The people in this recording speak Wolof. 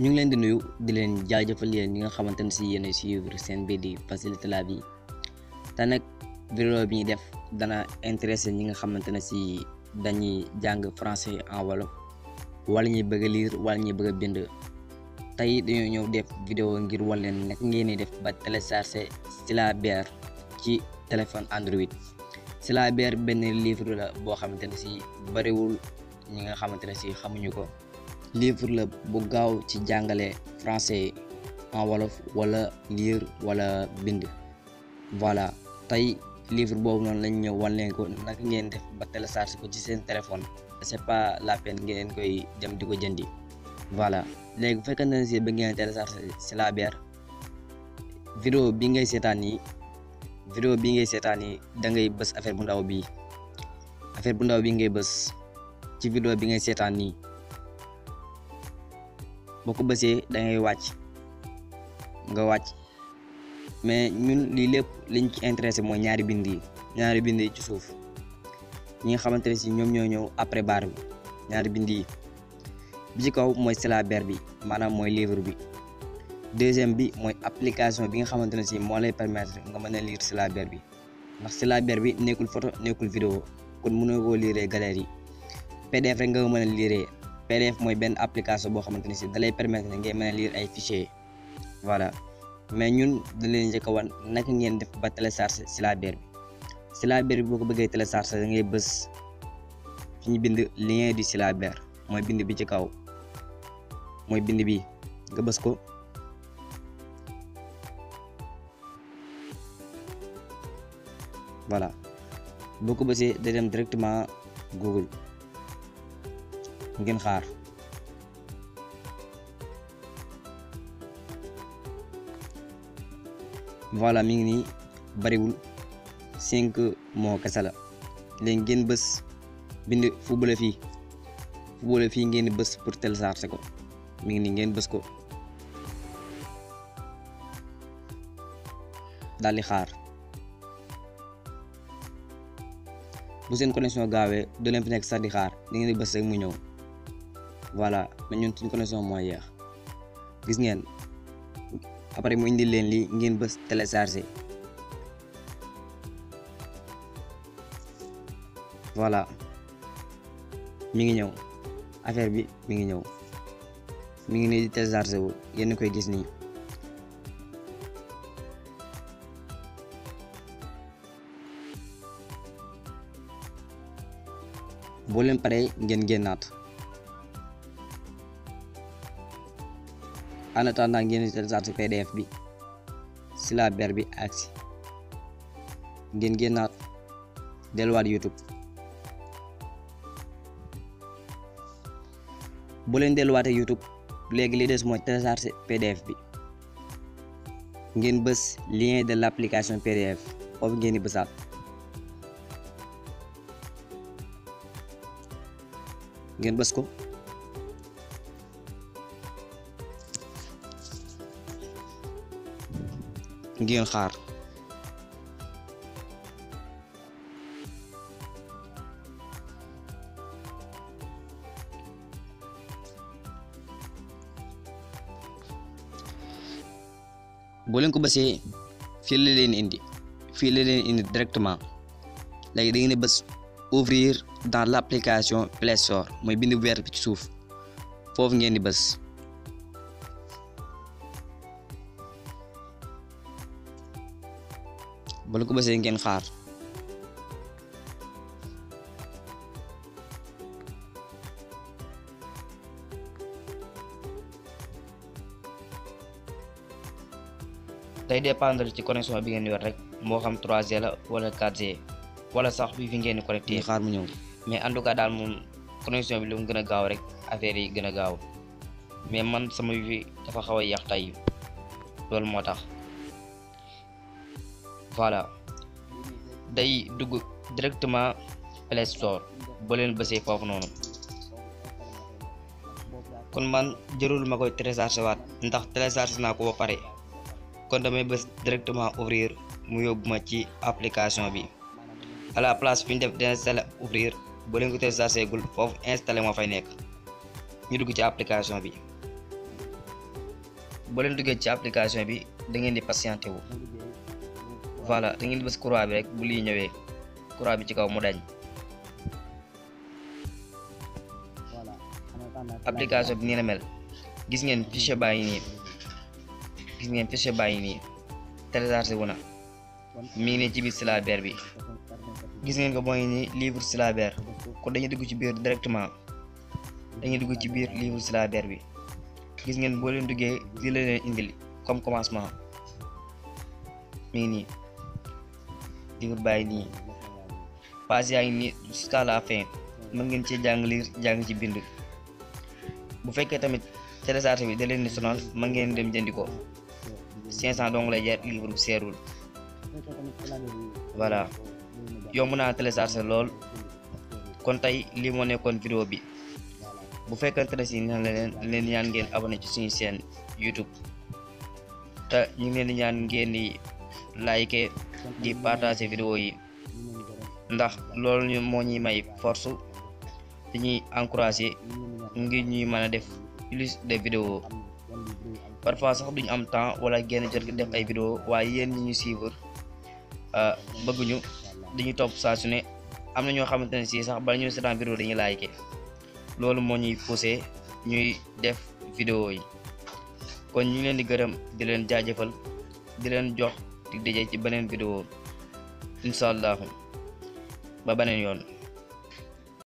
ñu ngi leen di nuyu di leen jaajëfal yéen ñi nga xamante ne si yéen a suivre seen bi di Facilité Lab yi te nag vidéo bi ñuy def dana intéressé ñi nga xamante ne si dañuy jàng français en wolof wala ñuy bëgg a lire bëgg a bind tey dañoo ñëw def vidéo ngir wan leen nag ngeen di def ba télécharger syllabaire ci téléphone Android syllabaire benn livre la boo xamante ne si bariwul ñi nga xamante ne si xamuñu ko. livre la bu gaaw ci jàngale français en wolof wala lire wala bind voilà tey livre boobu noonu lañ ñëw wan leen ko naka ngeen def ba télécharge ko ci seen téléphone c'est pas la peine ngeen koy dem di ko jëndi voilà léegi bu fekkee ne si ba ngeen télécharge Syllabaire vidéo bi ngay seetaan nii vidéo bi ngay seetaan nii da ngay bës affaire bu ndaw bi affaire bu ndaw bi ngay bës ci vidéo bi ngay seetaan nii boo ko bësee da ngay wàcc nga wàcc mais ñun lii lépp liñ ci intéressé mooy ñaari bind yi ñaari bind ci suuf ñi nga xamante ne si ñoom ñoo ñëw après bi bind yi bi ci kaw mooy syllabaire bi maanaam mooy livre bi deuxième bi mooy application bi nga xamante ne si moo lay permettre nga mën a lire syllabaire bi ndax syllabaire bi nekkul photo nekkul vidéo kon mënoo koo liiree galère yi nga mën a liiree PDF moy ben application bo xamanteni ci dalay permettre ngay mëna lire ay fichiers voilà mais ñun da leen jëk wan nak ngeen def ba télécharger syllabaire bi syllabaire bi boo ko bëggee télécharger ngay bëss ci ñu bind lien du syllabaire moy bind bi ci kaw moy bind bi nga bëss ko voilà boo ko bësee da dem directement Google mungkin car voilà mi ngi bari wul 5 mo kessala len léegi ngeen bës bind fu bële fi fu bële fii ngeen bës pour télécharger ko mi ngi nii ngeen bës ko daal di xaar bu seen connexion gaawé do len fi nek sa di xaar da ngeen di bës rek mu ñëw voilà mais ñun suñ connexion moo yeex gis ngeen après mu indi leen lii ngeen bës télécharger voilà mi ngi ñëw affaire bi mi ngi ñëw mi ngi nii di téléchargé wu yéen koy gis nii boo leen paree ngeen génnaat en attendant ngeen di télécharge pdf bi ber bi agsi ngeen génnaat delluwaat youtube bu leen delluwaatee youtube léegi li des mooy télécharge pdf bi ngeen bës lien de l'application pdf foofu ngeen di bësaat ngeen bës ko Gilhard. boo leen ko ba fii fililin indi fililin indi directement léegi da ngeen di bës ouvrir dans l' application Play Store mooy bind weer bi ci suuf foofu ngeen di bës bala ko basee ngeen xaar day dépendre ci connexion bi ngeen yor rek moo xam 3G la wala 4G wala sax wifi ngeen connecté xaar mu ñëw mais en tout cas daal moom connexion bi lu gaaw rek affaire yi gën gaaw man sama wifi dafa xaw a yàq tey voilà day dug directement Play Store bo len bësee fofu non kon man jërul ma koy téléchargé waat ndax télécharger nako ba pare kon damay bës directement ouvrir mu yóbbu ma ci application bi à la place fiñ def d'installer ouvrir bo len ko télécharger gul fofu installer moo fay nek ñu dug ci application bi bo len dugé ci application bi da ngeen di patienté wu voilà da ngeen bës bi rek bu ñëwee croix bi ci kaw mu bi nii mel gis ngeen fichier baa ngi nii gis ngeen fichier baa ngi nii téléchargé wu na mi ngi ne ci biir syllabaire bi gis ngeen ko mooy ni livre syllabaire kon dañuy dugg ci biir directement dañuy dugg ci biir livre syllabaire bi gis ngeen boo leen duggee li la indil comme commencement mi Diourbay page yaa ngi nii jusqu'à la fin mën ngeen ci jang liir jang ci bind bu fekke tamit télécharge bi da leen ni sonal mën ngeen dem jëndi ko 500 dong lay jar livre bu seerul voilà yomb naa télécharge lol kon tay li mo nekkon vidéo bi bu fekkante ne si neex leen leen ñaan ngeen abonné ci suñu chaîne YouTube ta ñu ngi leen di ñaan ngeen di like di partager video yi ndax loolu ñu mo ñi may force dañuy encourager ngir ñuy mëna def plus de vidéo parfois sax duñ am temps wala genn jot def ay vidéo waaye yeen ñi ñu suivre euh bëgguñu dañuy top sa suné ne am na ñoo xamante ne sax ba ñu seetaan vidéo dañuy liké loolu mo ñuy pousser ñuy def vidéo yi kon ñu leen di gërëm di leen jaajëfal di leen jox di daje ci beneen vidéo incha allahu ba beneen yoon